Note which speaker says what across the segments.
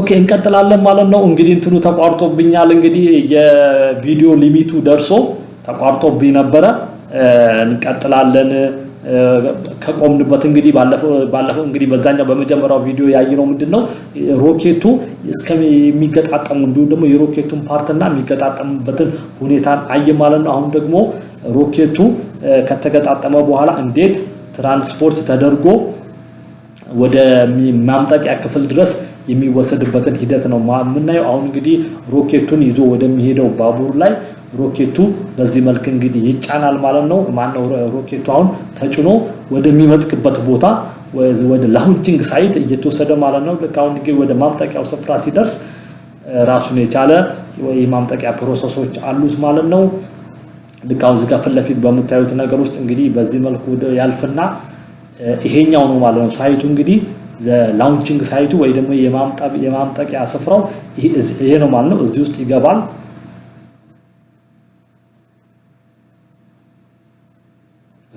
Speaker 1: ኦኬ እንቀጥላለን ማለት ነው። እንግዲህ እንትኑ ተቋርጦብኛል። እንግዲህ የቪዲዮ ሊሚቱ ደርሶ ተቋርጦብኝ ነበረ። እንቀጥላለን ከቆምንበት እንግዲህ ባለፈው ባለፈው እንግዲህ በዛኛው በመጀመሪያው ቪዲዮ ያየነው ነው ሮኬቱ እስከሚገጣጠሙ እንዲሁም ደግሞ የሮኬቱን ፓርትና የሚገጣጠምበትን ሁኔታን አየ ማለት ነው። አሁን ደግሞ ሮኬቱ ከተገጣጠመ በኋላ እንዴት ትራንስፖርት ተደርጎ ወደ ማምጠቂያ ክፍል ድረስ የሚወሰድበትን ሂደት ነው የምናየው። አሁን እንግዲህ ሮኬቱን ይዞ ወደሚሄደው ባቡር ላይ ሮኬቱ በዚህ መልክ እንግዲህ ይጫናል ማለት ነው። ማነው ሮኬቱ አሁን ተጭኖ ወደሚመጥቅበት ቦታ ወደ ላውንቺንግ ሳይት እየተወሰደ ማለት ነው። ልክ አሁን ወደ ማምጠቂያው ስፍራ ሲደርስ ራሱን የቻለ የማምጠቂያ ፕሮሰሶች አሉት ማለት ነው። ልክ አሁን እዚህ ፊት ለፊት በምታዩት ነገር ውስጥ እንግዲህ በዚህ መልኩ ያልፍና ይሄኛው ነው ማለት ነው ሳይቱ እንግዲህ ላውንቺንግ ሳይቱ ወይ ደግሞ የማምጠቂያ ስፍራው ይሄ ነው ማለት ነው። እዚህ ውስጥ ይገባል።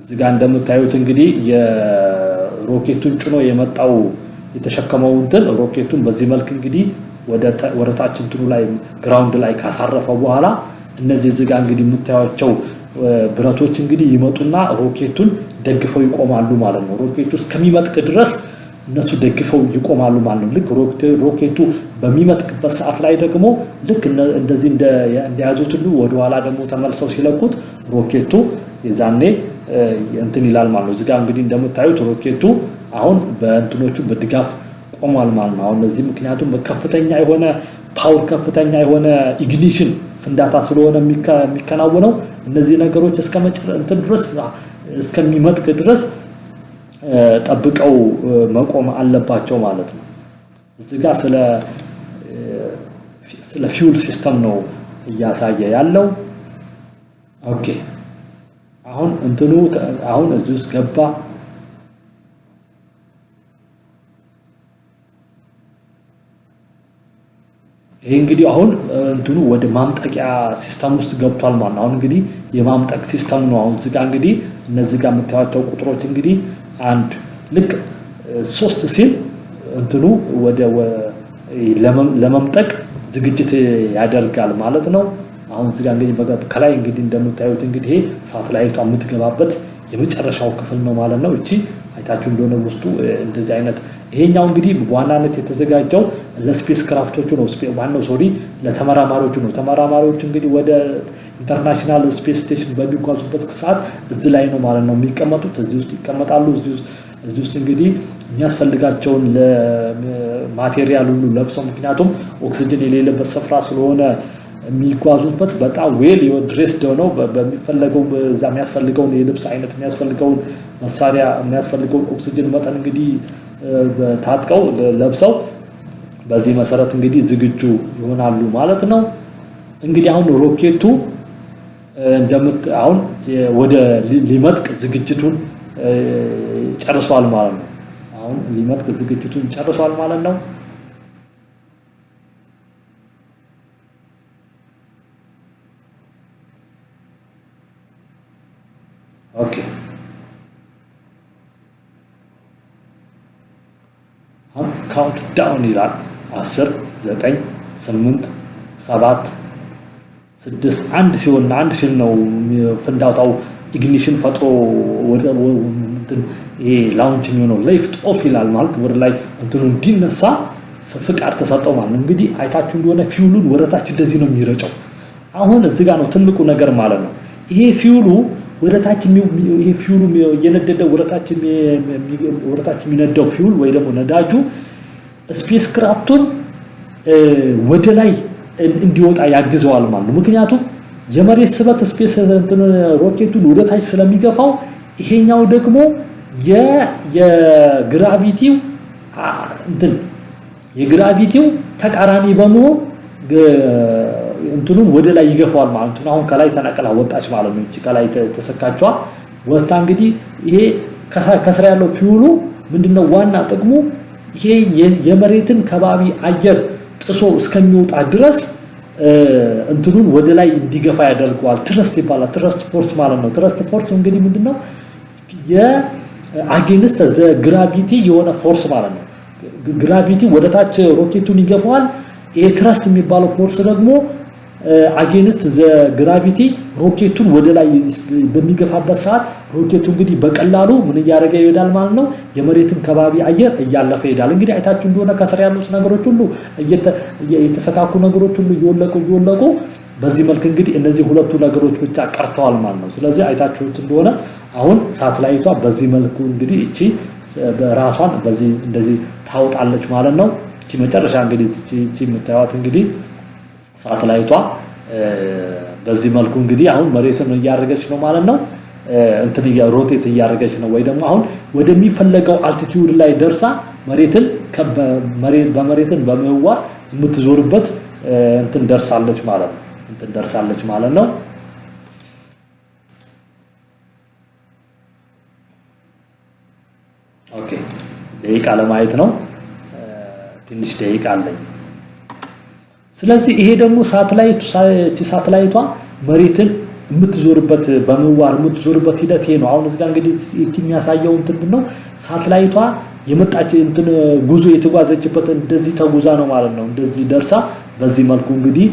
Speaker 1: እዚህ ጋር እንደምታዩት እንግዲህ የሮኬቱን ጭኖ የመጣው የተሸከመው እንትን ሮኬቱን በዚህ መልክ እንግዲህ ወደ ታች እንትኑ ላይ ግራውንድ ላይ ካሳረፈ በኋላ እነዚህ እዚህ ጋር እንግዲህ የምታዩቸው ብረቶች እንግዲህ ይመጡና ሮኬቱን ደግፈው ይቆማሉ ማለት ነው። ሮኬቱ እስከሚመጥቅ ድረስ እነሱ ደግፈው ይቆማሉ ማለት ነው። ልክ ሮኬቱ በሚመጥቅበት ሰዓት ላይ ደግሞ ልክ እንደዚህ እንደያዙት ሁሉ ወደኋላ ደግሞ ተመልሰው ሲለቁት ሮኬቱ የዛኔ እንትን ይላል ማለት ነው። እዚጋ እንግዲህ እንደምታዩት ሮኬቱ አሁን በእንትኖቹ በድጋፍ ቆሟል ማለት ነው። አሁን ለዚህ ምክንያቱም ከፍተኛ የሆነ ፓወር ከፍተኛ የሆነ ኢግኒሽን ፍንዳታ ስለሆነ የሚከናወነው እነዚህ ነገሮች እስከ መጨረ እንትን ድረስ እስከሚመጥቅ ድረስ ጠብቀው መቆም አለባቸው ማለት ነው። እዚህ ጋ ስለ ፊውል ሲስተም ነው እያሳየ ያለው። ኦኬ አሁን እንትኑ አሁን እዚህ ውስጥ ገባ። ይህ እንግዲህ አሁን እንትኑ ወደ ማምጠቂያ ሲስተም ውስጥ ገብቷል ማለት ነው። አሁን እንግዲህ የማምጠቅ ሲስተም ነው። አሁን እዚህ ጋር እንግዲህ እነዚህ ጋር የምታዩቸው ቁጥሮች እንግዲህ አንድ ልክ ሶስት ሲል እንትኑ ወደ ለመምጠቅ ዝግጅት ያደርጋል ማለት ነው። አሁን እዚህ እንግዲህ ከላይ እንግዲህ እንደምታዩት እንግዲህ ይሄ ሳተላይቷ የምትገባበት የመጨረሻው ክፍል ነው ማለት ነው። እቺ አይታችሁ እንደሆነ ውስጡ እንደዚህ አይነት ይሄኛው እንግዲህ በዋናነት የተዘጋጀው ለስፔስ ክራፍቶቹ ነው። ዋናው ሶሪ ለተመራማሪዎቹ ነው። ተመራማሪዎች እንግዲህ ወደ ኢንተርናሽናል ስፔስ ስቴሽን በሚጓዙበት ሰዓት እዚህ ላይ ነው ማለት ነው የሚቀመጡት። እዚህ ውስጥ ይቀመጣሉ። እዚህ ውስጥ እንግዲህ የሚያስፈልጋቸውን ማቴሪያል ሁሉ ለብሰው፣ ምክንያቱም ኦክሲጅን የሌለበት ስፍራ ስለሆነ የሚጓዙበት በጣም ዌል ድሬስድ ሆነው በሚፈለገው የሚያስፈልገውን የልብስ አይነት የሚያስፈልገውን መሳሪያ የሚያስፈልገውን ኦክሲጅን መጠን እንግዲህ ታጥቀው ለብሰው በዚህ መሰረት እንግዲህ ዝግጁ ይሆናሉ ማለት ነው። እንግዲህ አሁን ሮኬቱ እንደምት አሁን ወደ ሊመጥቅ ዝግጅቱን ጨርሷል ማለት ነው። አሁን ሊመጥቅ ዝግጅቱን ጨርሷል ማለት ነው። ካውንት ዳውን ይላል። አስር ዘጠኝ ስምንት ሰባት ስድስት አንድ ሲሆን አንድ ሲል ነው ፍንዳታው ኢግኒሽን ፈጥሮ ይሄ ላውንች የሚሆነው ሌፍት ኦፍ ይላል ማለት ወደ ላይ እንትኑ እንዲነሳ ፍቃድ ተሰጠው ማለት እንግዲህ አይታችሁ እንደሆነ ፊውሉን ወደታች እንደዚህ ነው የሚረጨው። አሁን እዚህ ጋር ነው ትልቁ ነገር ማለት ነው። ይሄ ፊውሉ ወደታች ይሄ ፊውሉ እየነደደ ወደታች የሚነደው ፊውል ወይ ደግሞ ነዳጁ ስፔስ ክራፍቱን ወደ ላይ እንዲወጣ ያግዘዋል ማለት ነው። ምክንያቱም የመሬት ስበት ስፔስ ሮኬቱን ወደ ታች ስለሚገፋው፣ ይሄኛው ደግሞ የግራቪቲው እንትን የግራቪቲው ተቃራኒ በመሆን እንትኑን ወደ ላይ ይገፋዋል ማለት ነው። አሁን ከላይ ተነቅላ ወጣች ማለት ነው። እቺ ከላይ ተሰካችዋ ወጣ። እንግዲህ ይሄ ከስራ ያለው ፊውሉ ምንድነው ዋና ጥቅሙ ይሄ የመሬትን ከባቢ አየር ጥሶ እስከሚወጣ ድረስ እንትኑን ወደ ላይ እንዲገፋ ያደርገዋል። ትረስት ይባላል። ትረስት ፎርስ ማለት ነው። ትረስት ፎርስ እንግዲህ ምንድነው? የአጌንስት ዘ ግራቪቲ የሆነ ፎርስ ማለት ነው። ግራቪቲ ወደ ታች ሮኬቱን ይገፋዋል። ይሄ ትረስት የሚባለው ፎርስ ደግሞ አጌንስት ዘ ግራቪቲ ሮኬቱን ወደ ላይ በሚገፋበት ሰዓት ሮኬቱ እንግዲህ በቀላሉ ምን እያደረገ ይሄዳል ማለት ነው። የመሬትን ከባቢ አየር እያለፈ ይሄዳል። እንግዲህ አይታችሁ እንደሆነ ከስር ያሉት ነገሮች ሁሉ የተሰካኩ ነገሮች ሁሉ እየወለቁ እየወለቁ በዚህ መልክ እንግዲህ እነዚህ ሁለቱ ነገሮች ብቻ ቀርተዋል ማለት ነው። ስለዚህ አይታችሁት እንደሆነ አሁን ሳትላይቷ በዚህ መልኩ እንግዲህ እቺ ራሷን በዚህ እንደዚህ ታውጣለች ማለት ነው። እቺ መጨረሻ እንግዲህ እቺ የምታዩት እንግዲህ ሳተላይቷ በዚህ መልኩ እንግዲህ አሁን መሬቱን እያደረገች ነው ማለት ነው እንትን ሮቴት እያደረገች ነው ወይ ደግሞ አሁን ወደሚፈለገው አልቲቲዩድ ላይ ደርሳ መሬትን በመሬትን በምህዋር የምትዞርበት እንትን ደርሳለች ማለት ነው እንትን ደርሳለች ማለት ነው ኦኬ ደቂቃ ለማየት ነው ትንሽ ደቂቃ አለኝ ስለዚህ ይሄ ደግሞ ሳተላይት ሳተላይቷ መሬትን የምትዞርበት በመዋር የምትዞርበት ሂደት ይሄ ነው። አሁን እዚህ ጋር እንግዲህ የሚያሳየው እንትን ነው ሳተላይቷ የመጣች እንትን ጉዞ የተጓዘችበት እንደዚህ ተጉዛ ነው ማለት ነው። እንደዚህ ደርሳ በዚህ መልኩ እንግዲህ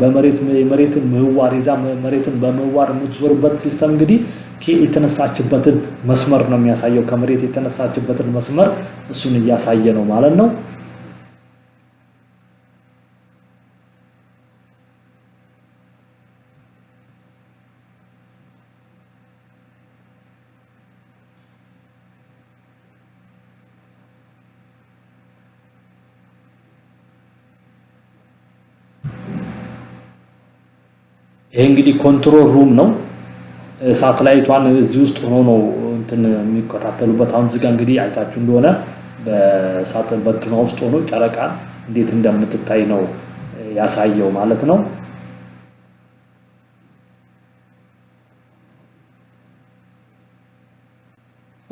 Speaker 1: በመሬት መሬትን ምህዋር ይዛ መሬትን በምህዋር የምትዞርበት ሲስተም እንግዲህ የተነሳችበትን መስመር ነው የሚያሳየው። ከመሬት የተነሳችበትን መስመር እሱን እያሳየ ነው ማለት ነው። ይሄ እንግዲህ ኮንትሮል ሩም ነው። ሳተላይቷን እዚህ ውስጥ ሆኖ ነው እንትን የሚቆጣጠሉበት። አሁን እዚህ ጋር እንግዲህ አይታችሁ እንደሆነ በሳተላይቷ ውስጥ ሆኖ ጨረቃ እንዴት እንደምትታይ ነው ያሳየው ማለት ነው።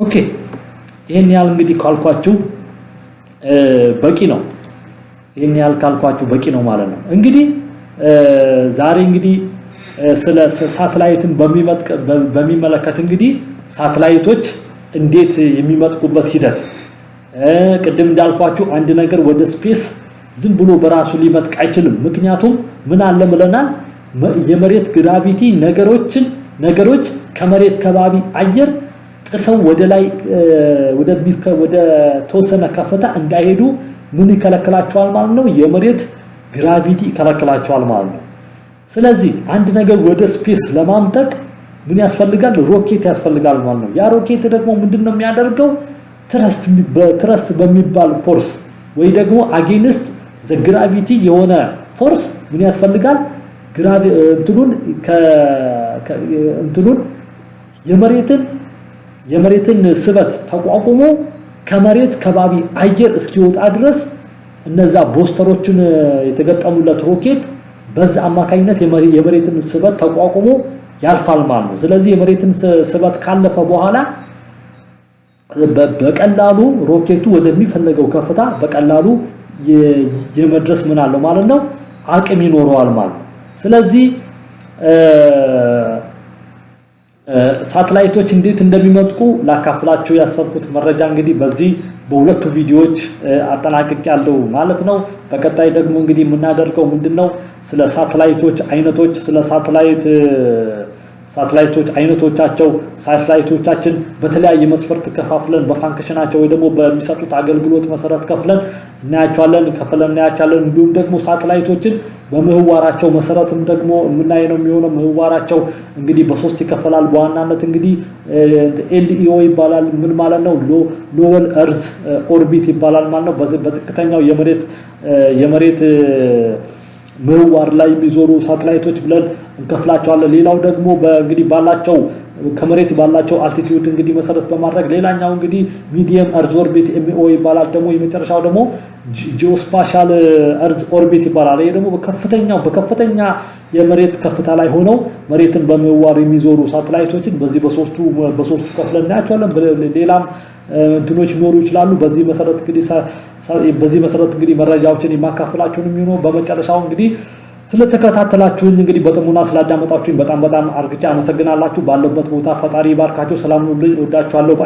Speaker 1: ኦኬ ይህን ያህል እንግዲህ ካልኳችሁ በቂ ነው። ይህን ያህል ካልኳችሁ በቂ ነው ማለት ነው። እንግዲህ ዛሬ እንግዲህ ስለ ሳተላይትን በሚመለከት እንግዲህ ሳተላይቶች እንዴት የሚመጥቁበት ሂደት ቅድም እንዳልኳችሁ አንድ ነገር ወደ ስፔስ ዝም ብሎ በራሱ ሊመጥቅ አይችልም። ምክንያቱም ምን አለ ብለናል፣ የመሬት ግራቪቲ ነገሮችን ነገሮች ከመሬት ከባቢ አየር ጥሰው ወደ ላይ ወደ ተወሰነ ከፍታ እንዳይሄዱ ምን ይከለክላቸዋል ማለት ነው? የመሬት ግራቪቲ ይከለክላቸዋል ማለት ነው። ስለዚህ አንድ ነገር ወደ ስፔስ ለማምጠቅ ምን ያስፈልጋል? ሮኬት ያስፈልጋል ማለት ነው። ያ ሮኬት ደግሞ ምንድን ነው የሚያደርገው? ትረስት በትረስት በሚባል ፎርስ ወይ ደግሞ አጌንስት ዘ ግራቪቲ የሆነ ፎርስ ምን ያስፈልጋል? ግራቪ እንትኑን ከ እንትኑን የመሬትን የመሬትን ስበት ተቋቁሞ ከመሬት ከባቢ አየር እስኪወጣ ድረስ እነዛ ቦስተሮችን የተገጠሙለት ሮኬት በዛ አማካኝነት የመሬትን ስበት ተቋቁሞ ያልፋል ማለት ነው። ስለዚህ የመሬትን ስበት ካለፈ በኋላ በቀላሉ ሮኬቱ ወደሚፈለገው ከፍታ በቀላሉ የመድረስ ምን አለው ማለት ነው አቅም ይኖረዋል ማለት ነው። ስለዚህ ሳተላይቶች እንዴት እንደሚመጥቁ ላካፍላችሁ ያሰብኩት መረጃ እንግዲህ በዚህ በሁለቱ ቪዲዮዎች አጠናቅቅ ያለው ማለት ነው። በቀጣይ ደግሞ እንግዲህ የምናደርገው ምንድን ነው ስለ ሳተላይቶች አይነቶች ስለ ሳተላይት ሳተላይቶች አይነቶቻቸው ሳተላይቶቻችን በተለያየ መስፈርት ከፋፍለን በፋንክሽናቸው ወይ ደግሞ በሚሰጡት አገልግሎት መሰረት ከፍለን እናያቸዋለን፣ ከፍለን እናያቸዋለን። እንዲሁም ደግሞ ሳተላይቶችን በምህዋራቸው መሰረትም ደግሞ የምናይ ነው የሚሆነው። ምህዋራቸው እንግዲህ በሶስት ይከፈላል። በዋናነት እንግዲህ ኤልኢኦ ይባላል። ምን ማለት ነው? ሎወል እርዝ ኦርቢት ይባላል ማለት ነው። በዝቅተኛው የመሬት የመሬት ምህዋር ላይ የሚዞሩ ሳተላይቶች ብለን እንከፍላቸዋለን። ሌላው ደግሞ በእንግዲህ ባላቸው ከመሬት ባላቸው አልቲቲዩድ እንግዲህ መሰረት በማድረግ ሌላኛው እንግዲህ ሚዲየም እርዝ ኦርቢት ኤምኦ ይባላል። ደግሞ የመጨረሻው ደግሞ ጂኦስፓሻል እርዝ ኦርቢት ይባላል። ይሄ ደግሞ በከፍተኛው በከፍተኛ የመሬት ከፍታ ላይ ሆነው መሬትን በምህዋር የሚዞሩ ሳተላይቶችን በዚህ በሶስቱ በሶስቱ ከፍለ እናያቸዋለን። ሌላም እንትኖች ሊኖሩ ይችላሉ። በዚህ መሰረት እንግዲህ በዚህ መሰረት እንግዲህ መረጃዎችን የማካፍላችሁን የሚሆነው በመጨረሻው እንግዲህ ስለተከታተላችሁኝ እንግዲህ በጥሙና ስላዳመጣችሁኝ በጣም በጣም አርግጬ አመሰግናላችሁ። ባለበት ቦታ ፈጣሪ ባርካቸው ሰላም ሁሉ። ወዳችኋለሁ።